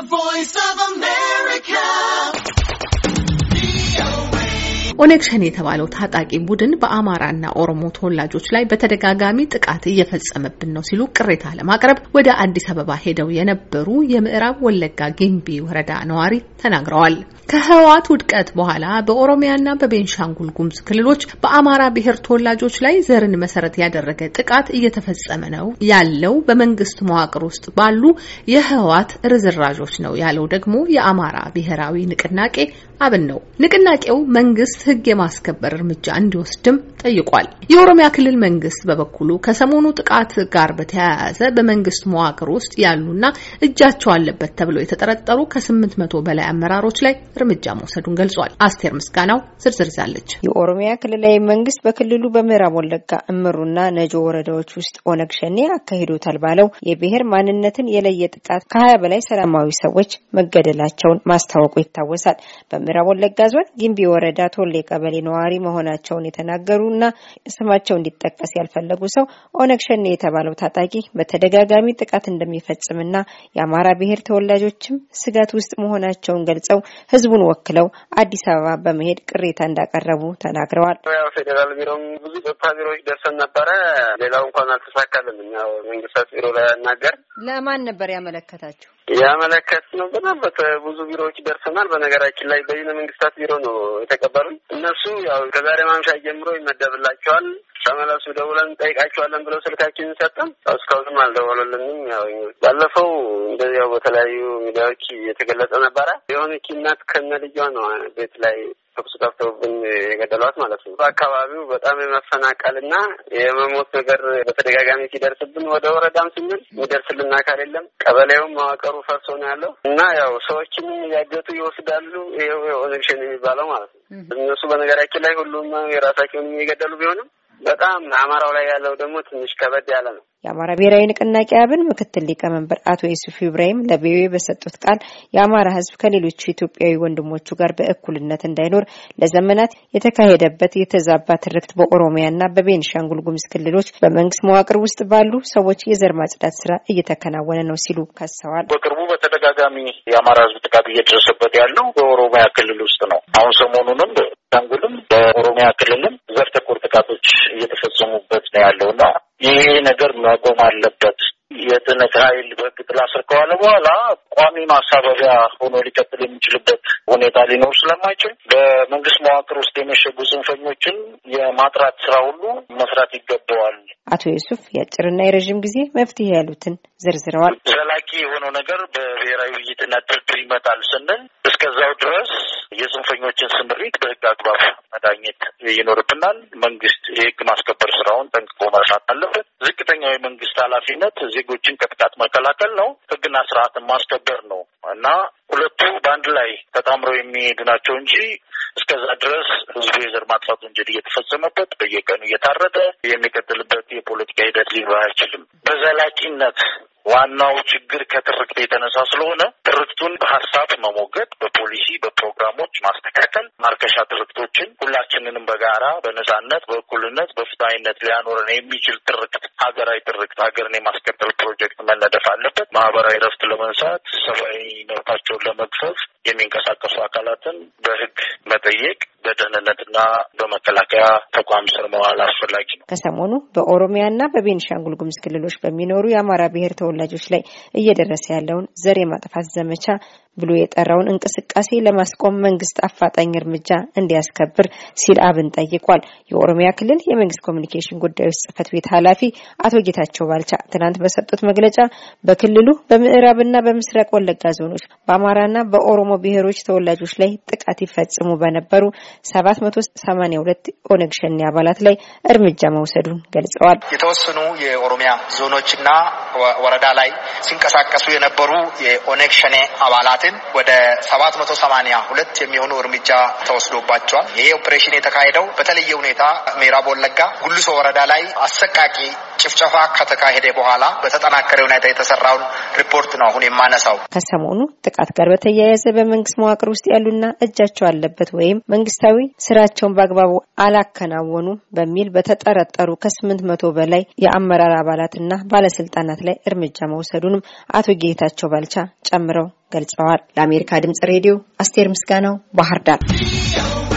The Voice of a man. ኦነግ ሸኔ የተባለው ታጣቂ ቡድን በአማራና ኦሮሞ ተወላጆች ላይ በተደጋጋሚ ጥቃት እየፈጸመብን ነው ሲሉ ቅሬታ ለማቅረብ ወደ አዲስ አበባ ሄደው የነበሩ የምዕራብ ወለጋ ጊምቢ ወረዳ ነዋሪ ተናግረዋል። ከህወሓት ውድቀት በኋላ በኦሮሚያና በቤንሻንጉል ጉምዝ ክልሎች በአማራ ብሔር ተወላጆች ላይ ዘርን መሰረት ያደረገ ጥቃት እየተፈጸመ ነው ያለው በመንግስት መዋቅር ውስጥ ባሉ የህወሓት ርዝራዦች ነው ያለው ደግሞ የአማራ ብሔራዊ ንቅናቄ አብን ነው። ንቅናቄው መንግስት ህግ የማስከበር እርምጃ እንዲወስድም ጠይቋል። የኦሮሚያ ክልል መንግስት በበኩሉ ከሰሞኑ ጥቃት ጋር በተያያዘ በመንግስት መዋቅር ውስጥ ያሉና እጃቸው አለበት ተብለው የተጠረጠሩ ከስምንት መቶ በላይ አመራሮች ላይ እርምጃ መውሰዱን ገልጿል። አስቴር ምስጋናው ዝርዝር ይዛለች። የኦሮሚያ ክልላዊ መንግስት በክልሉ በምዕራብ ወለጋ እምሩና ነጆ ወረዳዎች ውስጥ ኦነግ ሸኔ አካሂዶታል ባለው የብሔር ማንነትን የለየ ጥቃት ከሀያ በላይ ሰላማዊ ሰዎች መገደላቸውን ማስታወቁ ይታወሳል። የምዕራብ ወለጋ ዞን ጊምቢ ወረዳ ቶሌ ቀበሌ ነዋሪ መሆናቸውን የተናገሩና ስማቸው እንዲጠቀስ ያልፈለጉ ሰው ኦነግ ሸኔ የተባለው ታጣቂ በተደጋጋሚ ጥቃት እንደሚፈጽምና የአማራ ብሔር ተወላጆችም ስጋት ውስጥ መሆናቸውን ገልጸው ህዝቡን ወክለው አዲስ አበባ በመሄድ ቅሬታ እንዳቀረቡ ተናግረዋል። ያው ፌዴራል ቢሮም ብዙ ጸጥታ ቢሮዎች ደርሰን ነበረ። ሌላው እንኳን አልተሳካልም። ያው መንግስታት ቢሮ ላይ ያናገር ለማን ነበር ያመለከታችሁ? ያመለከት ነው። በጣም ብዙ ቢሮዎች ደርሰናል። በነገራችን ላይ በይነ መንግስታት ቢሮ ነው የተቀበሉን። እነሱ ያው ከዛሬ ማምሻ ጀምሮ ይመደብላቸዋል። ተመለሱ ደውለን ጠይቃቸዋለን ብለው ስልካችንን ሰጠን። እስካሁንም አልደወሉልንም። ያው ባለፈው እንደዚያው በተለያዩ ሚዲያዎች እየተገለጸ ነበረ። የሆነች እናት ከነ ልጇ ነው ቤት ላይ ተኩስ ከፍተውብን የገደሏት ማለት ነው። በአካባቢው በጣም የመፈናቀልና የመሞት ነገር በተደጋጋሚ ሲደርስብን ወደ ወረዳም ስንል የሚደርስልን አካል የለም። ቀበሌውም መዋቅሩ ፈርሶ ነው ያለው እና ያው ሰዎችም እያገቱ ይወስዳሉ። ይኸው ኦነግ ሸኔ የሚባለው ማለት ነው። እነሱ በነገራችን ላይ ሁሉም የራሳቸውን እየገደሉ ቢሆንም በጣም አማራው ላይ ያለው ደግሞ ትንሽ ከበድ ያለ ነው። የአማራ ብሔራዊ ንቅናቄ አብን ምክትል ሊቀመንበር አቶ ዩሱፍ ኢብራሂም ለቪኦኤ በሰጡት ቃል የአማራ ሕዝብ ከሌሎቹ ኢትዮጵያዊ ወንድሞቹ ጋር በእኩልነት እንዳይኖር ለዘመናት የተካሄደበት የተዛባ ትርክት በኦሮሚያና በቤንሻንጉል ጉምዝ ክልሎች በመንግስት መዋቅር ውስጥ ባሉ ሰዎች የዘር ማጽዳት ስራ እየተከናወነ ነው ሲሉ ከሰዋል። በቅርቡ በተደጋጋሚ የአማራ ሕዝብ ጥቃት እየደረሰበት ያለው በኦሮሚያ ክልል ውስጥ ነው። አሁን ሰሞኑንም ቤንሻንጉልም በኦሮሚያ ክልልም ተኮር ጥቃቶች እየተፈጸሙበት ነው ያለው እና ይሄ ነገር መቆም አለበት። የትነት ኃይል በህግ ጥላ ስር ከዋለ በኋላ ቋሚ ማሳበቢያ ሆኖ ሊቀጥል የሚችልበት ሁኔታ ሊኖር ስለማይችል በመንግስት መዋቅር ውስጥ የመሸጉ ጽንፈኞችን የማጥራት ስራ ሁሉ መስራት ይገባዋል። አቶ ዩሱፍ የአጭርና የረዥም ጊዜ መፍትሄ ያሉትን ዘርዝረዋል። ዘላቂ የሆነው ነገር በብሔራዊ ውይይትና ድርድር ይመጣል ስንል የጽንፈኞችን ስምሪት በህግ አግባብ መዳኘት ይኖርብናል። መንግስት የህግ ማስከበር ስራውን ጠንቅቆ መስራት አለበት። ዝቅተኛው የመንግስት ኃላፊነት ዜጎችን ከጥቃት መከላከል ነው፣ ህግና ስርዓትን ማስከበር ነው እና ሁለቱ በአንድ ላይ ተጣምረው የሚሄዱ ናቸው እንጂ እስከዛ ድረስ ህዝቡ የዘር ማጥፋት ወንጀል እየተፈጸመበት በየቀኑ እየታረደ የሚቀጥልበት የፖለቲካ ሂደት ሊኖር አይችልም። በዘላቂነት ዋናው ችግር ከትርክት የተነሳ ስለሆነ ትርክቱን በሀሳብ መሞገድ የጥላቻ ትርክቶችን ሁላችንንም በጋራ በነጻነት፣ በእኩልነት፣ በፍትሀይነት ሊያኖረን የሚችል ትርክት፣ ሀገራዊ ትርክት፣ ሀገርን የማስቀጠል ፕሮጀክት መነደፍ አለበት። ማህበራዊ ረፍት ለመንሳት ሰብአዊ መብታቸውን ለመግፈፍ የሚንቀሳቀሱ አካላትን በህግ መጠየቅ በደህንነትና በመከላከያ ተቋም ስር መዋል አስፈላጊ ነው። ከሰሞኑ በኦሮሚያና በቤንሻንጉል ጉሙዝ ክልሎች በሚኖሩ የአማራ ብሔር ተወላጆች ላይ እየደረሰ ያለውን ዘር የማጥፋት ዘመቻ ብሎ የጠራውን እንቅስቃሴ ለማስቆም መንግስት አፋጣኝ እርምጃ እንዲያስከብር ሲል አብን ጠይቋል። የኦሮሚያ ክልል የመንግስት ኮሚኒኬሽን ጉዳዮች ጽህፈት ቤት ኃላፊ አቶ ጌታቸው ባልቻ ትናንት በሰጡት መግለጫ በክልሉ በምዕራብና በምስራቅ ወለጋ ዞኖች በአማራና በኦሮሞ ብሔሮች ተወላጆች ላይ ጥቃት ይፈጽሙ በነበሩ 782 ኦነግ ሸኔ አባላት ላይ እርምጃ መውሰዱን ገልጸዋል። የተወሰኑ የኦሮሚያ ዞኖችና ወረዳ ላይ ሲንቀሳቀሱ የነበሩ የኦነግ ሸኔ አባላትን ወደ 782 የሚሆኑ እርምጃ ተወስዶባቸዋል። ይሄ ኦፕሬሽን የተካሄደው በተለየ ሁኔታ ምዕራብ ወለጋ ጉልሶ ወረዳ ላይ አሰቃቂ ጭፍጨፋ ከተካሄደ በኋላ በተጠናከረ ሁኔታ የተሰራውን ሪፖርት ነው አሁን የማነሳው። ከሰሞኑ ጥቃት ጋር በተያያዘ በመንግስት መዋቅር ውስጥ ያሉና እጃቸው አለበት ወይም መንግስታዊ ስራቸውን በአግባቡ አላከናወኑም በሚል በተጠረጠሩ ከስምንት መቶ በላይ የአመራር አባላትና ባለስልጣናት ላይ እርምጃ መውሰዱንም አቶ ጌታቸው ባልቻ ጨምረው ገልጸዋል። ለአሜሪካ ድምጽ ሬዲዮ አስቴር ምስጋናው ባህር ዳር